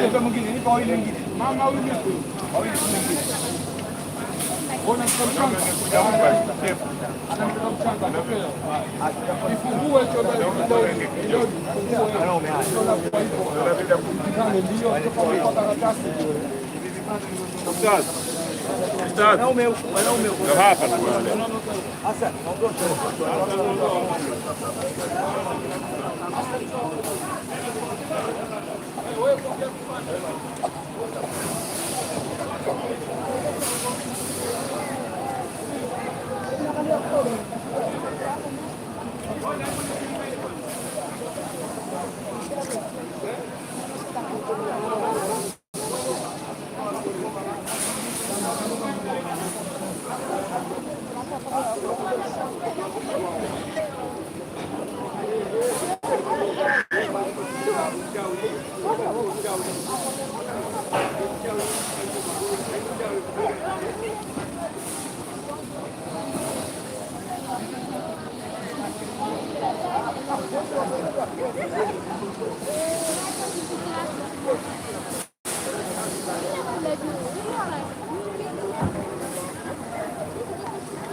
não mwingine, nipa wawili wengine. Mama huyu ni wawili wengine. Ona Kifungue cho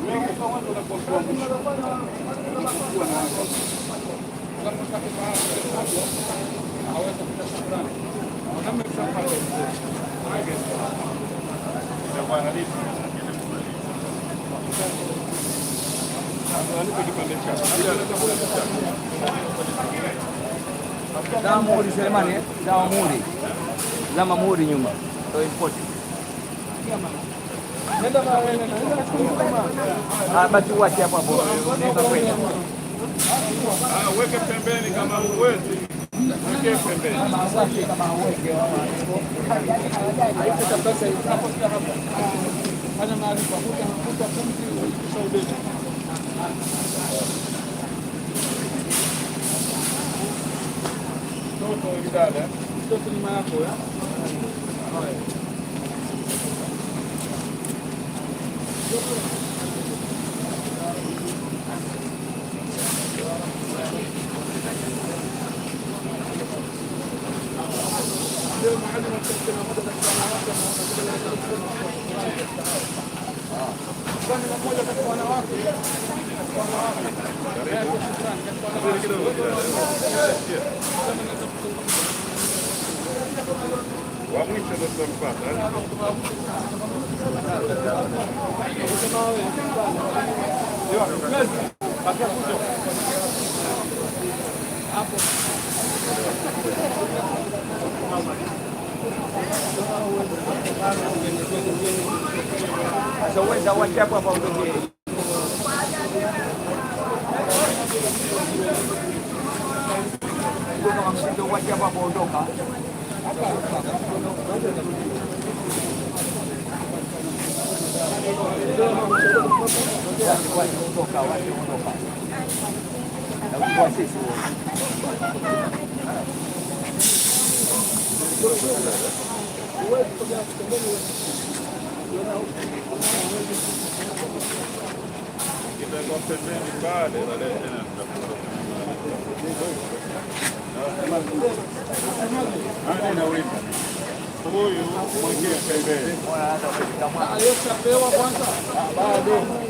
Damu Muri Selemani, damu eh? Muri. Zama Muri nyuma. so import. Basi uache hapo hapo, weke pembeni kama uwezi, mtoto dada, mtoto nyuma yako. وأغنية الصرفات Zaweza wacha hapo hapo mtokee. Kuna msindo wacha hapo hapo ondoka. local, acho que é um local. É um negócio Il negozio è medicale, la legge nel Anina ulipo. Huyu mwingine pembeni. Ah, hiyo chapeo kwanza. Bado.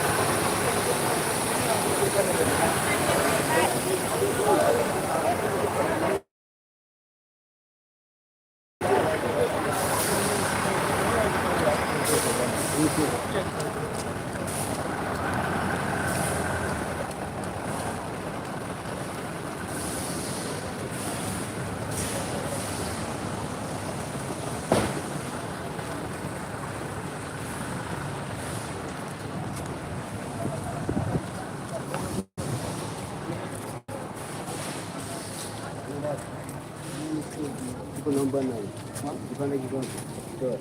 Ikaw ba na? Di ba nag-ikaw? Ito.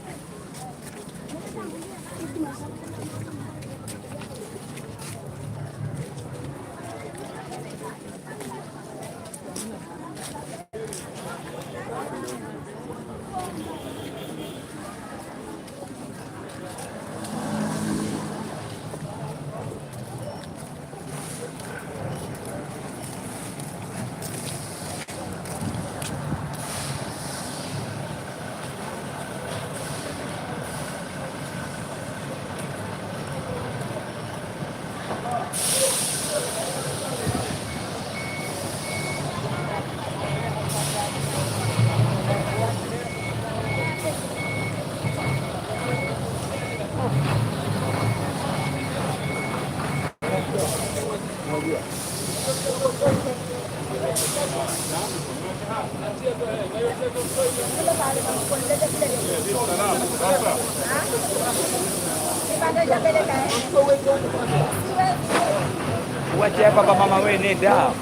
uache hapa baba, mama wewe nenda.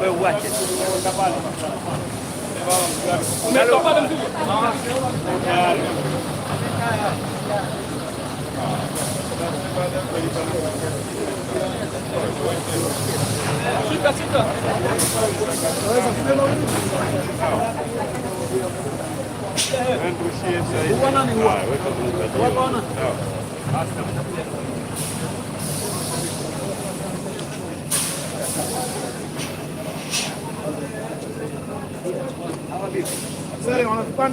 Wewe uache. Naitwa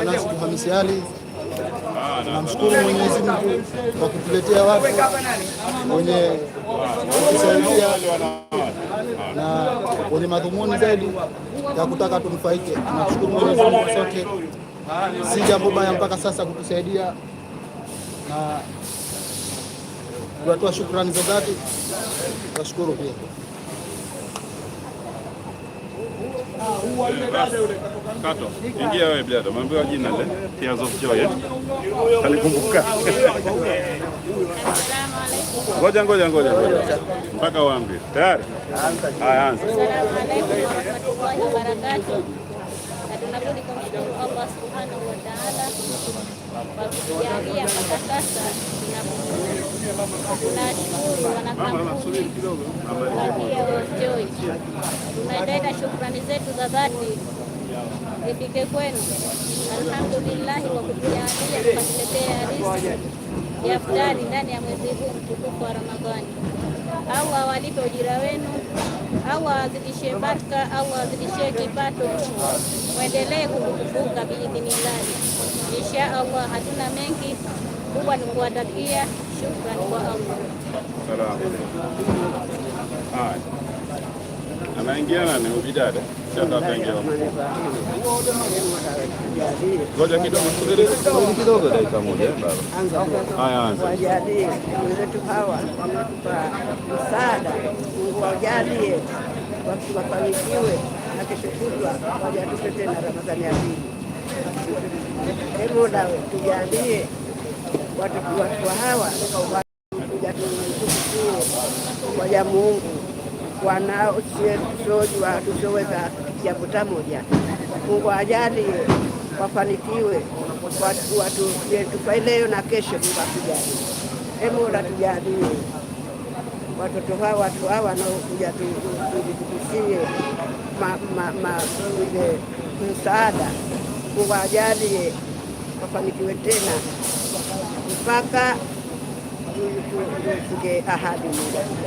Anas Hamisi Ali. Tunamshukuru Mwenyezi Mungu kwa kutuletea watu wenye kusaidia na wenye madhumuni zaidi ya kutaka tunufaike. Namshukuru Mwenyezi Mungu sote si jambo baya mpaka sasa kutusaidia, na tunatoa shukrani za dhati. Tunashukuru pia Kato, ingia wewe blada, umeambiwa jina le Tears of Joy eh? alikumbuka. Ngoja ngoja ngoja ngoja mpaka uambie. tayari. Haya, anza bado nikumshukuru Allah subhanahu wa taala kwa kujalia mpaka sasa tunashukuru wanakampuni na pia George, shukrani zetu za dhati ifike kwenu. Alhamdulillahi kwa kutujalia kutuletea riziki ya futari ndani ya mwezi huu mtukufu wa Ramadhani. Au awalipe ujira wenu, au awazidishie baraka, au awazidishie kipato, mwendelee kutukumbuka biidhinillahi. Insha Allah, hatuna mengi, kubwa ni kuwatakia shukrani kwa Allah. Anaingiana ni ubidada. Ngoja kidogo kidogo kidogo dakika moja Haya anza. Wajalie wenzetu hawa wametupa msaada. Mungu wajalie wafanikiwe na kesho kutwa wajatupe tena Ramadhani ya pili. Hebu na tujalie watu hawa wajatupe kwa Mungu wanao wanaosiojua tusoweza jambo moja Mungu ajalie wafanikiwe, watufai leo na kesho. Mungu atujalie, Emola tujalie watoto hawa, watu hawa wanaokuja tulikutusie ile msaada. Mungu ajalie wafanikiwe tena mpaka tuifunge ahadi Mungu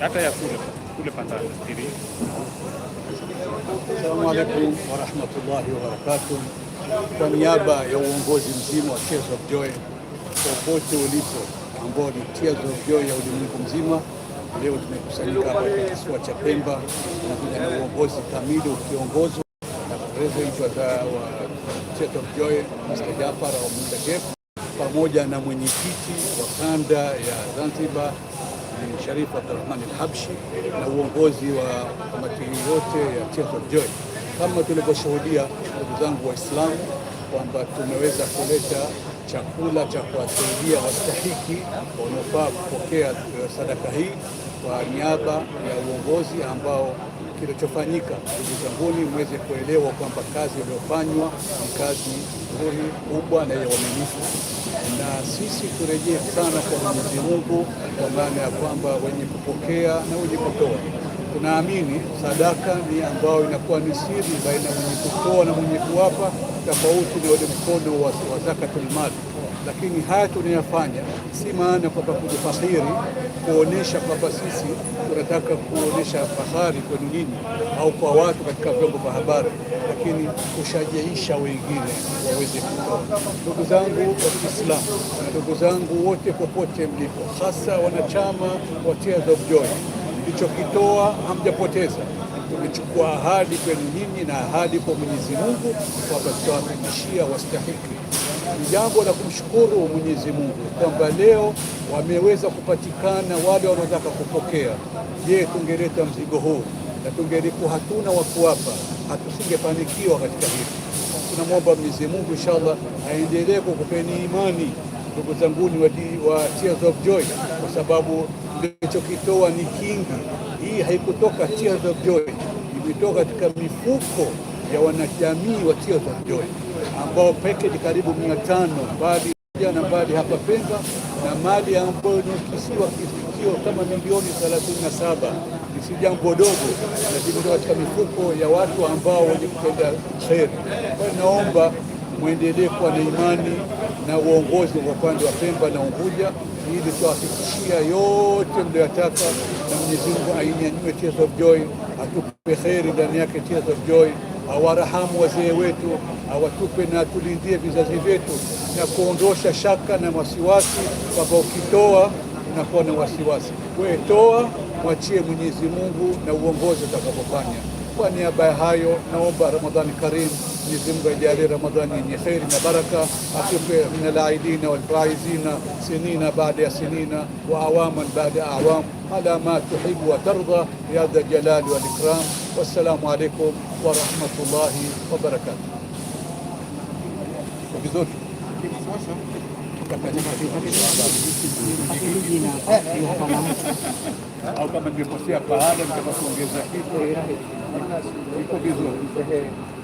hata ya kule kule pandani. Assalamu alaikum warahmatullahi wabarakatuh. Kwa niaba ya uongozi mzima wa Tears of Joy popote ulipo, ambao ni Tears of Joy ya ulimwengu mzima, leo tumekusanyika katika kisiwa cha Pemba na na uongozi kamili ukiongozwa na president wa Tears of Joy Mr. Jafar Awadh Mujahid pamoja na mwenyekiti wa kanda ya Zanzibar Sharif Abdurahman Al-Habshi na uongozi wa kamati yote ya Tears of Joy, kama tulivyoshuhudia, ndugu zangu Waislamu, kwamba tumeweza kuleta chakula cha kuwasaidia wastahiki wanaofaa kupokea eh, sadaka hii kwa niaba ya uongozi ambao kilichofanyika hivi karibuni, mweze kuelewa kwamba kazi iliyofanywa ni kazi nzuri kubwa na ya uaminifu, na sisi turejee sana kwa Mwenyezi Mungu, kwa maana ya kwamba wenye kupokea na wenye kutoa. Tunaamini sadaka ni ambayo inakuwa ni siri baina ya mwenye kutoa na mwenye kuwapa, tofauti na ule mkono wa zakatul mali lakini haya tunayafanya si maana kwamba kujifahiri, kuonesha kwamba sisi tunataka kuonesha fahari kwa nini au kwa watu katika vyombo vya habari, lakini kushajeisha wengine waweze kuona. Ndugu zangu wa Kiislamu, ndugu zangu wote popote mlipo, hasa wanachama wa Tears of Joy, mlichokitoa hamjapoteza. Tumechukua ahadi kwenu nini na ahadi kwa Mwenyezi Mungu kwamba tutawahakikishia wastahiki ni jambo la kumshukuru Mwenyezi Mungu kwamba leo wameweza kupatikana wale wanaotaka kupokea. Je, tungeleta mzigo huu na tungelikuwa hatuna wa kuwapa, hatusingefanikiwa katika hili. Tunamwomba Mwenyezi Mungu inshallah aendelee kukupeni imani, ndugu zanguni wa Tears of Joy, kwa sababu mlichokitoa ni kingi. Hii haikutoka Tears of Joy, imetoka katika mifuko ya wanajamii wa Tears of Joy ambao package karibu mia tano mbali na mbali hapa Pemba na mali ambayo ni kisiwa kifikio kama milioni 37 ni si jambo dogo, lakini ndio katika mifuko ya watu ambao wenye kutenda kheri. Kwa hiyo naomba mwendelee kuwa na imani na uongozi wa upande wa Pemba na Unguja ili tuwafikishia yote mliyotaka, na Mwenyezi Mungu ainyanyue Tears of Joy, atupe kheri ndani yake Tears of Joy awarahamu wazee wetu, awatupe na tulindie vizazi vyetu, na kuondosha shaka na wasiwasi, kwamba ukitoa unakuwa na wasiwasi. Wewe toa, mwachie Mwenyezi Mungu na uongozi utakapofanya. Kwa niaba ya hayo, naomba Ramadhani karimu. Mwenyezi Mungu ajalie Ramadhani yenye kheri na baraka, atupe minalaidina walfaizina sinina baada ya sinina wa awaman baada ya awam ala ma tuhibu wa tardha ya dha jalali wal ikram. Wassalamu alaikum ورحمة الله وبركاته بدون Ao também você a parada, você vai com o aqui, e convidou.